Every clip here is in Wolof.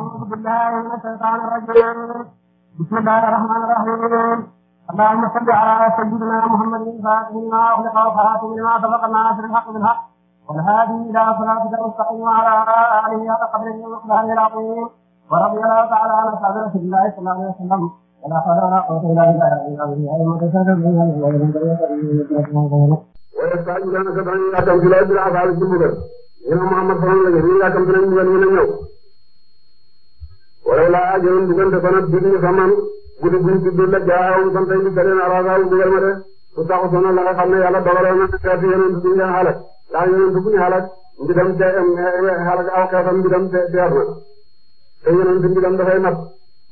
أعوذ بالله من الشيطان الرجيم بسم الله الرحمن الرحيم اللهم صل على سيدنا محمد فاتح لما أغلق وخاتم لما سبق الناس بالحق بالحق والهادي إلى صراطك المستقيم وعلى آله حق قدره ومقداره العظيم ورضي الله تعالى عن أصحاب رسول الله صلى الله عليه وسلم ولا حول ولا قوة إلا بالله العلي العظيم ويستعجلونك بأن لا تنزل إلا عذاب الجمهور. إمام محمد صلى الله عليه وسلم لا تنزل إلا walaw laa ajalun diggante fan ak digg fa man guddi buñ tudd la jaawum kon tey li ka leen araasaawul digal ma de su taxu sono xam ne yàlla dogaloon na xeetu yonent buñ xalak ndax yonent buñ xalak mbidam te xalak aw xeetam mbidam na te yonent mbidam dafay mat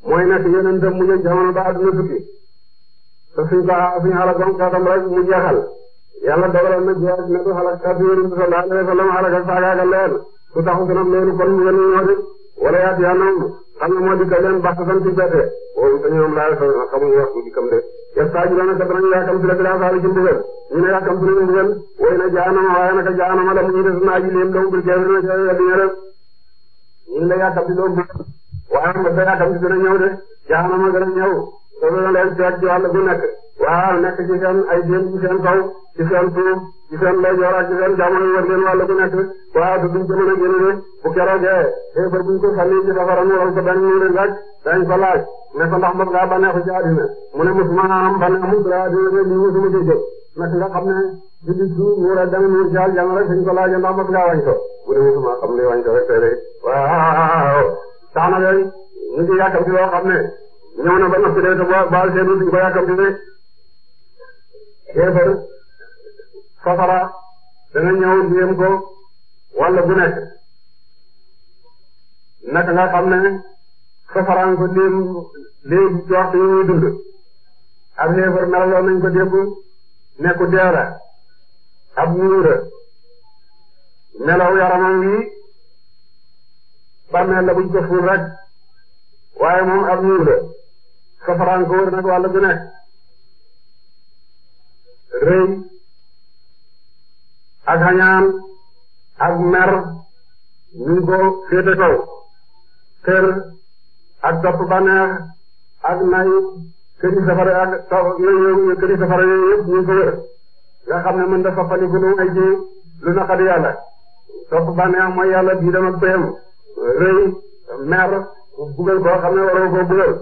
mooy nekk yonent mu jëm jamono ba adduna tukki te suñ ko suñ xalak ba mu xeetam rek mu jeexal yàlla dogaloon na jeex ne du xalak xeetu yonent sallallahu alayhi wa kon mu yenu moo de wala xam nga moo di ka leen baax sant bette wooyu te ñoom laa xamuñu wax di kam de yastaajiluna te danañu yàkkamti la bilaa saali ci mbugal ñu ne yàkkamti nañu mbugal woy na jaanama waaye naka jaanama la mu ñu def naa ji leen doomu bil kafirina ca yàlla ñëre ñu ngi la yàkkamti doo mbugal waaye nga sa yàkkamti dana ñëw de jaanama dana ñëw te dana leen seet ci wàll bu nekk waaw nekk ci seen ay jéem ci seen kaw ci seen suuf ci seen ndeyjoor ak ci seen jamono yi war leen wàll bu nekk waaye du duñ ko mën a génne bu keroogee xeefar buñ ko sànni ci safara mu rëb dañ ñu leen laaj dañ ko laaj ne ko ndax mos ngaa bànneexu ci àddina mu ne mosuma am bànneexu ci àddina de lii mosuma ci jóg nag nga xam ne jullit su wóor a dem ñu ci àjjana rek suñ ko laajee ndax mos ngaa wañ ko mu ne mosuma xam ne wañ ko rek tey waaw tax na de ñu ngi yàkkamti loo xam ne ñëw na ba noppi de te baal seenu duñ ko yàkkamti de xeefar safara dana ñëw ndéem ko walla bu nekk naka nga xam ne safaraan ko ndéem léegi ci waxtu yi muy dund ab xeefar melaloon nañ ko démb nekku dee la ab wuura melaw yaramam wi bàmmeel la buñ ko ful rek waaye moom ab nuur la safaraan ko wër nag walla bu nekk rëy ak añaan ak mer ñu ko féete kaw kër ak topp baneex ak nay këri safara ak këri safara yooyu yëpp ñu ko wër nga xam ne mën da soppaliku lu ay ci lu naqari yàlla topp baneex mooy yàlla bii dama bëyam rëy mer bugal koo xam ne waroo koo bugal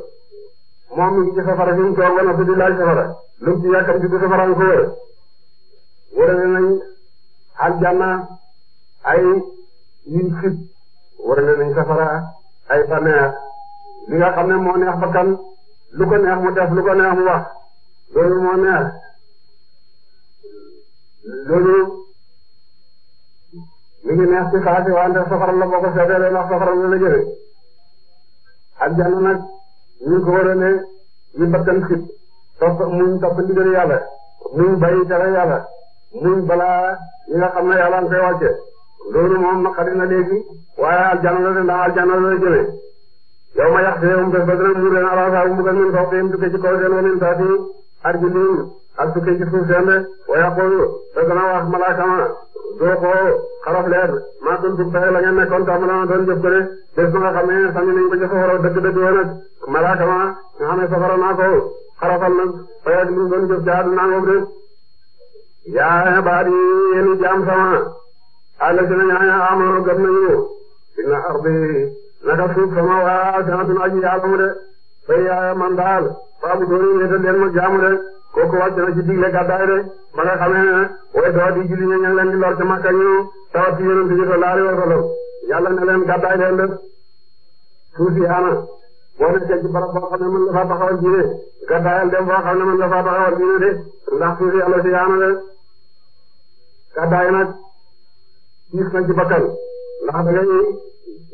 moom mi safara fi mu toog ba noppi di laaj safara lu mu ci yàkkam ci safara nga ko wër wërale nañ aljanna ay yiñ xib warale nañ safara ay bànneex li nga xam ne moo neex bakkan lu ko neex mu def lu ko neex mu wax loolu moo neex loolu mi ngi neex ci xaasi wante safara la boo ko seetee ndax safara la la jëlee aljanna nag ñu ko warale yi bakkan xib topp muñ topp ndigal yàlla muñ bàyyi tere yàlla muñ balaa yi nga xam yàlla nga koy wàcce moom naqari na léegi waaye aljanna la de ndax aljanna la jëme yow ma yàq see um bés ba dina muur leen alaasa bu mbugal min fawqihim tukkee ci kaw seen wa min taati arjulihim ak tukkee ci suuf seen de wa yaqulu te dana wax malaaka ma doo ko xaraf leer maa kuntum taxe la ngeen nekkoon tàmm la doon jëf ko de bés ba nga xam ne sànni nañ ko ci safara dëgg malaaka ma nga safara naa ko xarafal nag fayag li ñu doon jëf yaa ibaadi yéen jaam sama allazina ñaña amanu gëm nañu inna ardi naka suuf sama waasi'atun aji yaatu de fay yaa man daal fa'buduuni wéetal leen ma jaamu de kooku wàcc na ci digle gàddaay de ba nga way doo di julli ña leen di lor ca Makka ñu tawat ci yonent bi sallallahu alayhi wa sallam gàddaay leen de suuf yaana boo nekkee ci barab boo xam mën nga faa taxawal diine gàddaayal dem boo xam mën nga faa taxawal diine de ndax gàddaay nag gis na ci bakkan ndax da ngay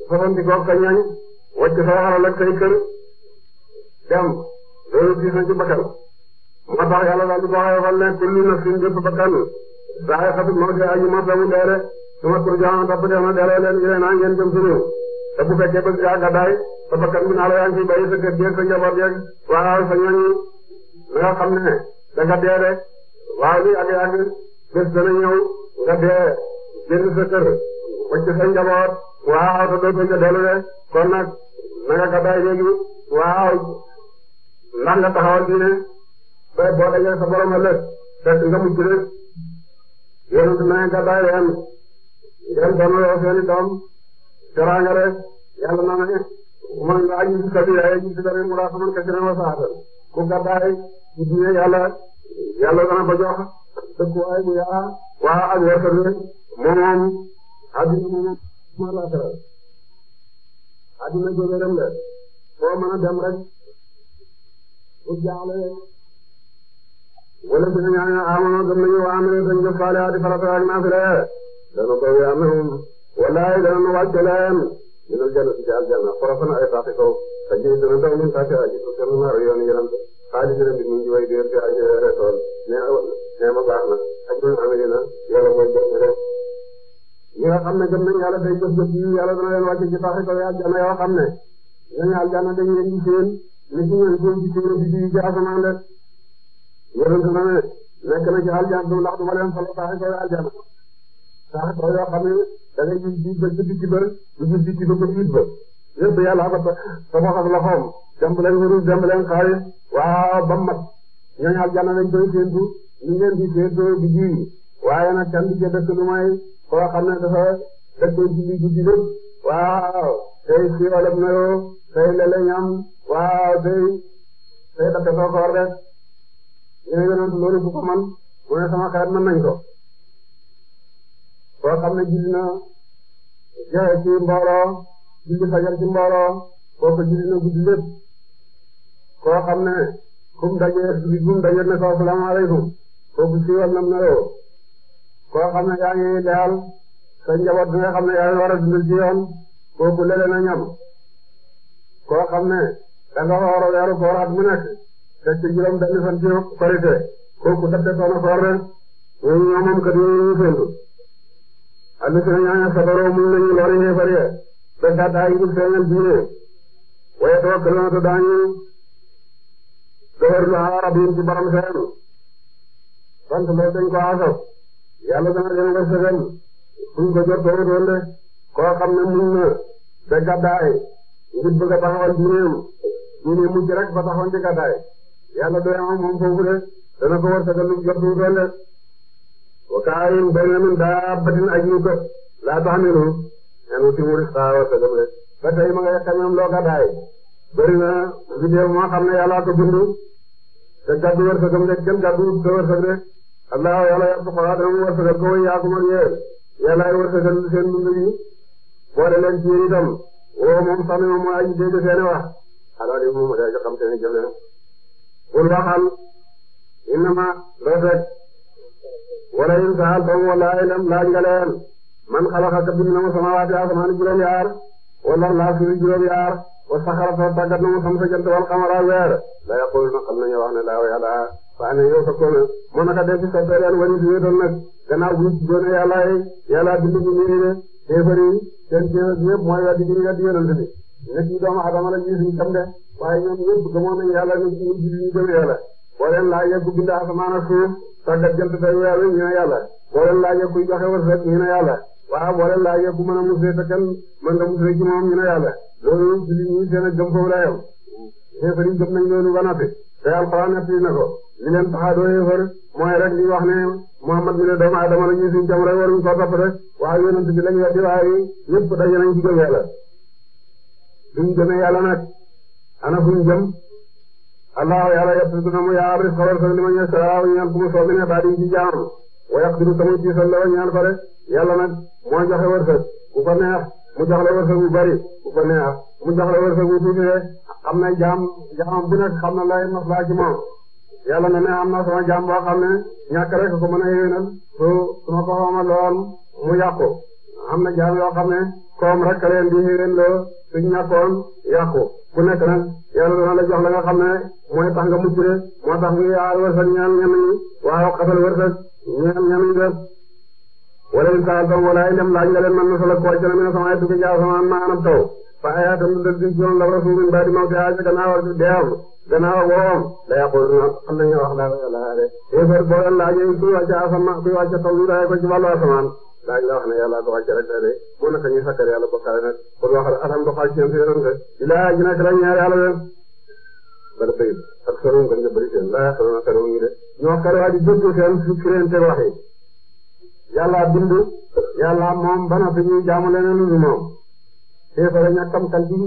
soxanti koog sa ñañ wàcc sa xalal ak say kër dem loolu gis na bakkan moo tax yàlla daal di ko xayma ne kullu nafsin bépp bakkan saa xatu moo di aji mos a mu dee rek sama tur jaan topp def na a ngeen jëm bi naa la yaa ngi ciy bàyyi sa kër gi ak sa njaboot yeeg waaw sa ne da nga dee rek li ak yàgg bés dana ñëw nga dee génn sa kër wacc sa njaboot waaw te doo ko dellu de kon nag na nga gàddaay léegi waaw ndax nga taxawal diine ba boo dajee sa borom ëllëg fekk nga mucc rek yéen it na nga gàddaay leen ngeen doonaloo seeni doom teraanga rek yàlla na ne man nga aji si sabi ay aji si dara mu raafaman kasiran wa saatan ku gàddaay ci diine yàlla yàlla dana ko jox dëkkuwaay bu yaa waa ak warkat we moom addina moom ma laakara addina jógeeram la foo mën a dem rek bu jaaxle wala si nañu aña amoon gëm nañu waa amee dañu def faale adi farata ak naafila dana koy amee wallaay dana nu wàcce leen dina jàll ci aljanna xorofana ay fàtte kaw te ji dana taw min fàtte aji su seen naar yoon yonante xaalis rek bi mu ngi way déer ci aji tool mais nee ma baax na ak ñoom xam nañu ne yàlla mooy jëf rek ñi nga xam ne gëm nañu yàlla day jëf jëf yi yàlla dana leen wàcce ci sax ko aljanna yoo xam ne ñooñu aljanna dañu leen di seen li ci ñoom ñoom ci seen ci ci ci asamaan rek yonent na ne nekk na ci aljanna du ndax du ma leen solo sax ko aljanna sax ko yoo xam ne da ngay gis di ba ci ci ba du gis ci ba ba huit ba yëpp yàlla ba sama xam la xoom dem leen wërul dem leen xaalis waaw ba mat ñooñu aljanna lañ koy séentu ñu leen di seetloo di ji waaye nag kan di ca dëkk lu may koo xam ne dafa dëkkee ji li guddi lépp waaw tey xéwalab na yoo tey lele ñam waaw tey tey dafa soo koor rek yéen a ngi doon loolu bu ko man mu ne sama xarit mën nañ ko koo ne julli na joxe ci mbooloo julli fajar ci mbooloo kooku julli na guddi lépp koo xam ne kum daje gum daje ne ko asalaamaaleykum foofu siiwal nam na yow koo xam ne yaa ngi leeral sa njaboot bi nga xam ne yaa ngi war a dundal ci yoon kooku lele na ñam koo xam ne da nga war a weeru koor at mu nekk te ci juróom benn fan ci korite kooku dafte soona koor de ñooñu ñoo moom kat yooyu ñu féntu allisina ñaaña sabaroo muñ nañu loori xeefar ya te daa daa ngir feeñal diine waye tawakkaluna te daañu doxar lu xaarab yi ci borom seen sant loolu dañ ko aasoo yàlla dana gën a sëgal suñ ko jot doo doon de koo xam ne muñ na ba gàddaay ngir bëgg a taxawal di réew ñu ne mujj rek ba taxoon di gàddaay yàlla doy na moom foofu de dana ko war sëgal lu jot du doon de wa kaayin bayna min daabbatin ajnuka laa tahmilu enu ti wuri saa war sëgal de ba tey ma nga xamam loo gàddaay bëri na vidéo moo xam ne yàllaa ko bind te gàddu war sëgam de kenn gàddu te war sëg de allah yàlla yàlla xoolaa dana mu wërsëgal ko woy yaa ko mën yee yàlla ay wërsëgal seen dund yi boole leen ci yéen woo moom sami mooy aji dégg seen wax alors yow moom day xam seen i jëf leen. bul waxal innama rafet wala in saaltum wallaahi lam laaj nga leen ka mu samawaati asamaan juróom-yaar wala laa suuf juróom-yaar wa saxara tàggat na mu sam sa jant wal xamara weer la yaqul na xam nañu wax ne laa yàlla waa ne yow sax koo mu naka def ci soppe leen wari wéetal nag gannaaw bu doone yàlla yàlla bind ñu de kéefar yi seen kéefar mooy weddi gi ñu weddi yonent bi nit ñi doomu adama la ñuy suñ tam waaye ñoom ñëpp gëmoon nañu yàlla ñu ñu julli ñu gëm yàlla boo leen laajee ku laajee kuy joxe wërsëg ñu ne yàlla waaw boo laajee ku mën a musee te moom ñu ne yàlla loolu julli ñi gëm foofu la yem kéefar yi gëm nañ te alxuraan nettali na ko li leen tax a doo yéefar mooy rek li wax ne Muhammad mi ne doomu aadama la ñuy suñ jam rek waruñ ko topp rek waaye yonent bi lañ weddi waaye ñëpp daje nañ ci gëm yàlla duñ gëmee yàlla nag ana fuñ jëm allahu yàlla yettu na mu yaar ri xawar sax li ma ñëw saraaw ñaan ku mu soobi ne daa diñ ci jaamu wa yaqdiru tamu ci sal ñaan ko rek yàlla nag moo joxe wërsëg ku ko neex mu jox la wërsëg bu bari ku ko neex mu jox xam na jaam jaamam bu nekk xam na lay maslaa ci moom yàlla na ne am na sama jaam boo xam ne ñàkk rek ko mën a yéwénal su su ma ko xamaloon mu yàqu am na jaam yoo xam ne koom rek leen di yéwén loo suñ ñàkkoon yàqu ku nekk nag yàlla dana la jox la nga xam ne mooy tax nga mucc rek moo tax muy aar wërsëg ñaan ñenn ñi waaw xasal wërsëg ñaan ñenn ñi def wala in saaltam wala ay dem laaj nga leen man na sala koo ci na mi ne sama ay tukki jaaw fa xayaatam dundal gi yoon la rasulun baadi mawti aja gannaaw ak deewam gannaaw ak woowam la yaquluna xam nañu wax la yàlla de yéefar boo leen laajee kuy wàcce asamaan kuy wàcce taw ñu daye ko ci wàllu asamaan daañu la wax ne yàlla ko wàcce rek de mu naka ñu sakkar yàlla bokkaale nag pour wax atam ba xaaj seen seen rek ilaa ji nag la ñaar yàlla de bala bëy ak soroom gën nga bëri seen la yaquluna soroom ñu de ñoo xarwaa di dëgg seen fikkireen teg wax yi yàlla bind yàlla moom ba noppi ñuy jaamu leneen lu moom kéefar ñàkkam xel gi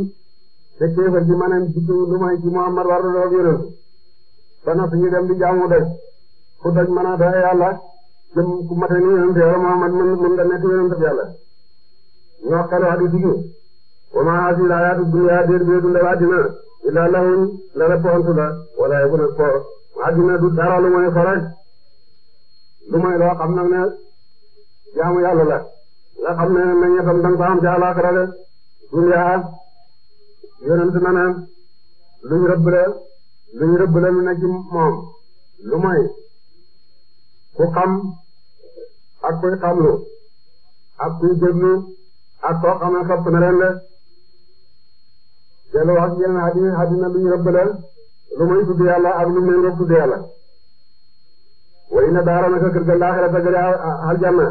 te kéefar gi maanaam juddu lu may ci Muhammad war na doon yonent ba noppi ñu dem di jaamu doj ku doj mën a doy yàlla jëm ku mate ni yonent yàlla Muhammad mën mën nga nekk yonent yàlla ñoo xelu hadis gi wa maa haazihil hayaatu dunyaa déet bee dund àddina illaa lahwun la la pontu la wala bu du dara lu may fo lu may loo xam nag ne jaamu yàlla la nga xam ne na ñetam dang ko am ci àllaaxira Hulya yonent na ne luñ rëbb la luñ rëbb la ñu ne moom lu mooy ku xam ak kuy xamlu ak kuy déglu ak koo xam ne sopp na leen la dellu wax yenn hadi hadina luñ rëbb la lu mooy tudd yàlla ak lu muy nga tudd yàlla way na daara naka kër ga laaxira ta gëri aljanna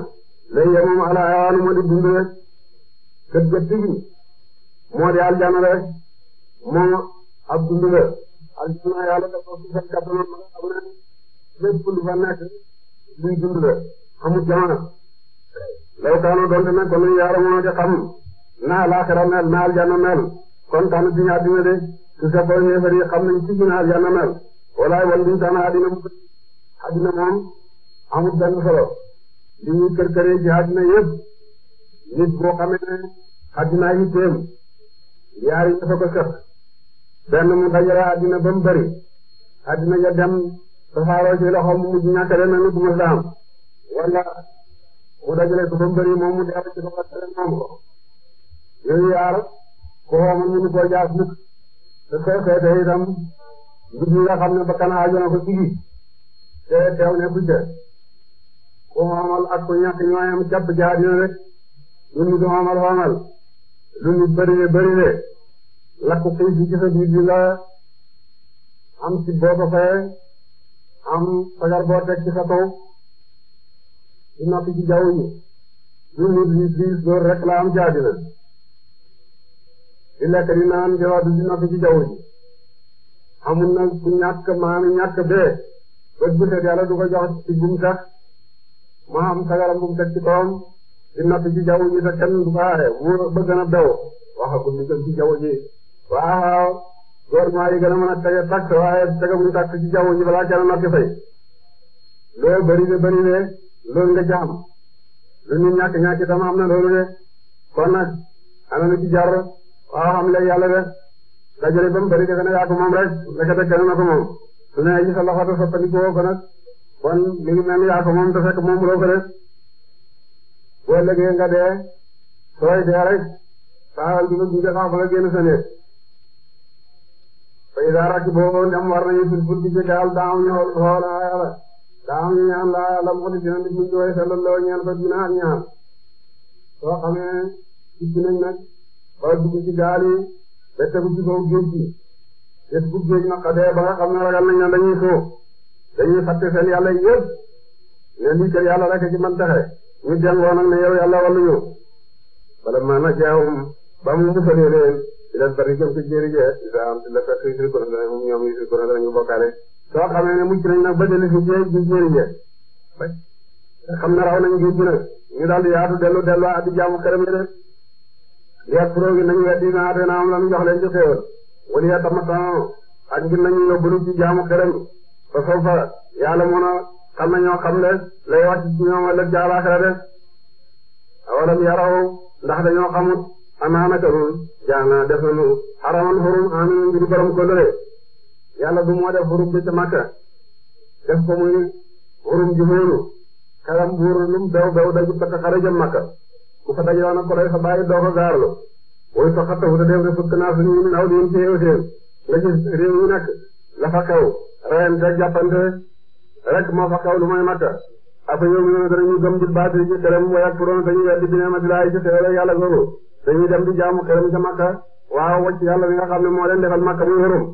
lay yemum ala ayaanu ma di dund kër ga tigi moo di aljana rek moo ab dund la aljana yàlla dafa gisal kàttanam ba nga xam ne lépp lu fa nekk luy dund la xamul jamono law kaanu donte nag kon yaaramoo di xam naa laaxira mel naa aljana mel kon tànn suñu àddina de su fekkoo yéefar yi xam nañ ci suñu aljana mel walaay wala duñ tànn àddina mu àddina moom amul benn solo li kër këree ci yëpp nit boo xamee ne àddina yi teem yaar yi dafa ko sëf benn mu dajale addina ba addina ja dem tasaaroo ci loxo mu mujj mu dajale ko ba mu bëri moom mu dellu ci loxo leen moom ko yooyu yaar ko xoomal ñu ni koo jaas mukk te soo seetee itam mbir mi nga xam ne bakkan aajo na ko sigi te teew ne ku jë ku xoomal ak ku ñàkk ñooyam jàpp lu ñu bëri ne bëri ne lakk xiif bi ci sa biir bi la am si boo ko fayee am fajar boo teg ci sa kaw di noppi ci jaww ji lu ñu liis liis loolu rek la am jaabi na di naan jaww ji di ci jaww ji na ku ñàkk maanu ñàkk bee bët bu set yàlla du ko jox ci gum tax ma am fagaram ci kawam di natt ci jaww ji te kenn du ko aare bu bëgg na daw waxagum ñu jëm ci jaww ji waaw gouvernement yi a mën a tege tax waaye tegaguñu tax ci jaww ji balaa kenn natt fay loolu bëri na bëri na loolu nga jaam lu ñu ñàkk ñàkk itam am na loolu de kon nag am na ci jar waaw xam léegi yàlla de rek ndekete kenn na ko moom ne ay sa loxo te soppandi koo ko kon mi mel ni yaa ko moom te fekk moom boo ëllëgee nga dee sooy dee rek saxal bi nga duggee xam nga génn sa néeg te idaa rakk boobu ndem war nañu fil fulki ci gaal daaw ñu xool laa yàlla daaw ñu ñaan laa yàlla mu xool dina nit ñi jooy sa lëlloo ñaan ko dina ak ñaan soo xamee gis nañ nag ba dugg ci gaal ba tegu ci kaw géej na xadee ba nga xam ne ragal nañ ne dañuy foo ne lii kër yàlla rek ci man taxe ñu delloo nag ne yow yàlla wàllu ñu bala maa na jaawum ba mu musalee leen di leen bari jëm ci jéeri jee di daa am di la fekk yusri ci jéeri ci raw nañ géej gi nag ñu yaatu dellu dellu ak di jaamu xerem yi de liet pro gi nañu weddi naa te naa am lan jox leen ci ya tamata ak ngir nañu yóbbu ci jaamu xerem ba soo fa yàlla mën a am na ñoo xam ne lay wàcc ci ñoom ëllëg jaalaxira de awalam yaraw ndax dañoo xamut amaana kanu jaana def nañu xaraman xurum amin ngir borom ko lëre yàlla du moo def Makka def ko muy xurum ji xóoru kalam buur lum bew bew daju takk xare Makka bu fa dajoon ak ko lay fa bàyyi doo ko woy fa xattafu te def refut naa su ñuy naw di yim ci ew seen nga ci réew yi nag la rek moo fa xew lu mooy Makka afa yow mi danañu gëm di baat ci xelam wa yakfuruuna dañuy weddi bi ni'mati Laahi ci xeewal yàlla googu dañuy dem di jaamu xelam ca Makka waaw wacc yàlla bi nga xam ne moo leen defal Makka muy wërum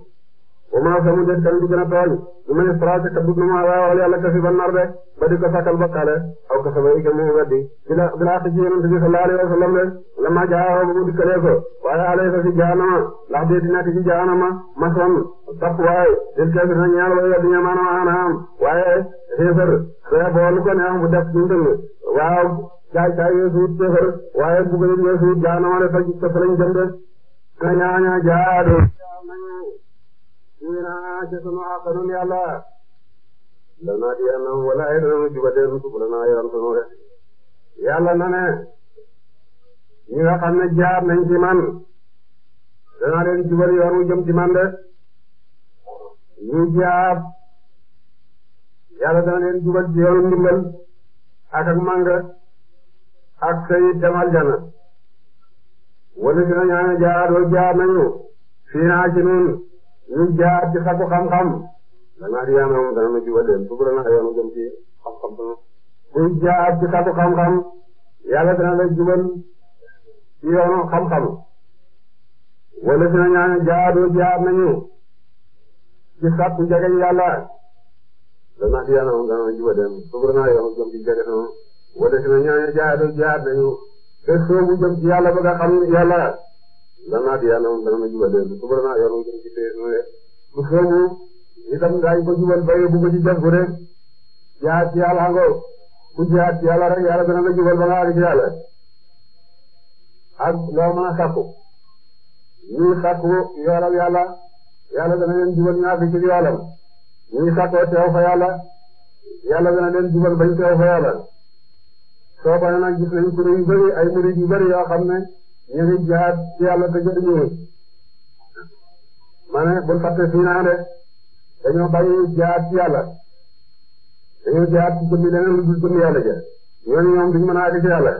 wa maa samud kan di gën a tooñ ñu mën a faraase kat dugg na ma waaye wala yàlla kasi ba nar de ba di ko sàkkal bokkaale aw ko sama ike mu weddi bila bila xëcc yonent bi sallallahu alayhi wa sallam de la ma jaaxoo ba mu dikkalee ko waaye alayhi sa si jaanama ndax dee dina ti ci jaanama mason tap waaye dil kafir na ñaal way weddi ña maanaam aanaam waaye xéefar xee boolu ko neex bu def ñu tëng waaw caay caay yee suut xéefar waaye bugg nañ yee suut jaanama de ta lañ jëm de na ñaaña jaadu ñu ne ah ca sama asanum yàlla lanaa di yàlla wala ay danañu jubateen subulanaa yoon sunu de yàlla na ne ñi nga xam ne jaar nañ ci man danaa leen jubal yoonu jëm ci man de ñu jaar yàlla dana leen jubal ci yoonu ndimbal ak ak manga ak sayid dem aljana wala si na ñaane jaadoo jaar nañu fii naa ci nun ñuy jaar ci saku xam-xam dana riyaanam dana ma jubaleen bu dana yoonu jëm ci xam-xam dana kuy jaar ci saku xam-xam yàlla dana la jubal ci yoonu xam-xam wala si na ñaan jaadoo jaar nañu ci sakku jegeñ yàlla dana riyaanam dana ma jubaleen bu dana yoonu jëm ci jege wala si na ñaan jaadoo jaar nañu te soobu jëm ci yàlla ba nga xam yàlla danaa di yàlla moom dana ma jubal léegi suba danaa yor moom ci téye suñu rek su ko jubal ba yóbbu ko ci jëf bu dee jaay ci yàlla àggoo ku nga àgg ci yàlla ak loo mën a sàkku ñuy sàkku yoolal yàlla yàlla dana leen jubal ñu àgg ci yàlla ñuy sàkkoo teew fa yàlla yàlla dana leen yéen a ci yàlla te jëriñoo ma ne bul fàtte fii de dañoo bàyyi jihaad ci yàlla dañoo jihaad ci jëmmi leneen lu dul yàlla ja ñoom duñu mën a àgg ci yàlla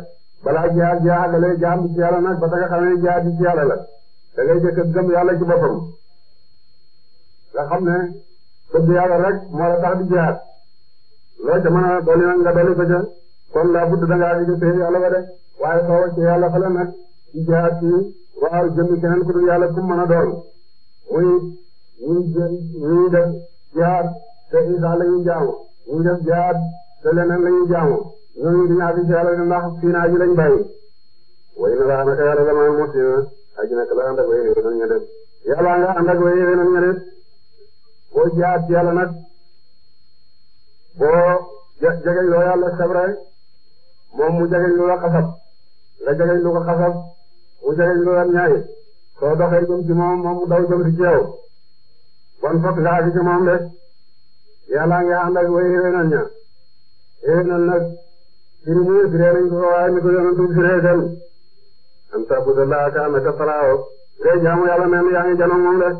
balaa jihaad ji àggale jaam bi ci yàlla nag ba nga xamee jihaad ci yàlla la da ngay jëkk a yàlla ci boppam nga xam ne bëgg yàlla rek moo la di jihaad loo ca mën a dolli nga dolli ko ca kon laa budd da ngaa àgg ci yàlla ba de waaye soo ci yàlla fa la nag ci jihaad ci waaw jëmmi keneen ku dul yàlla ku mën a doon muy muy muy def te Isa la ñuy jaamu muy def jihaad te leneen la ñuy ji lañ bàyyi. way na laa naka yàlla damaa mos yéen aji naka laa ànd ak way yéen a ñu def yàlla nga ànd ak way yéen a ñu def boo jihaad ci yàlla nag boo jegeñ loo yàlla sabra moom mu jegeñ lu la xasab nga jegeñ lu ko xasab. wutaleeg lu yor ñaari soo doxee jëm ci moom moom mu daw jëm ci ceew kon fokk nga àgg ci moom de yàlla nga ànd ak way ni ko yonent bi firee dem am tabuda laa ka annaka taraahu ngay jaamu yàlla mel yaa ngi janoog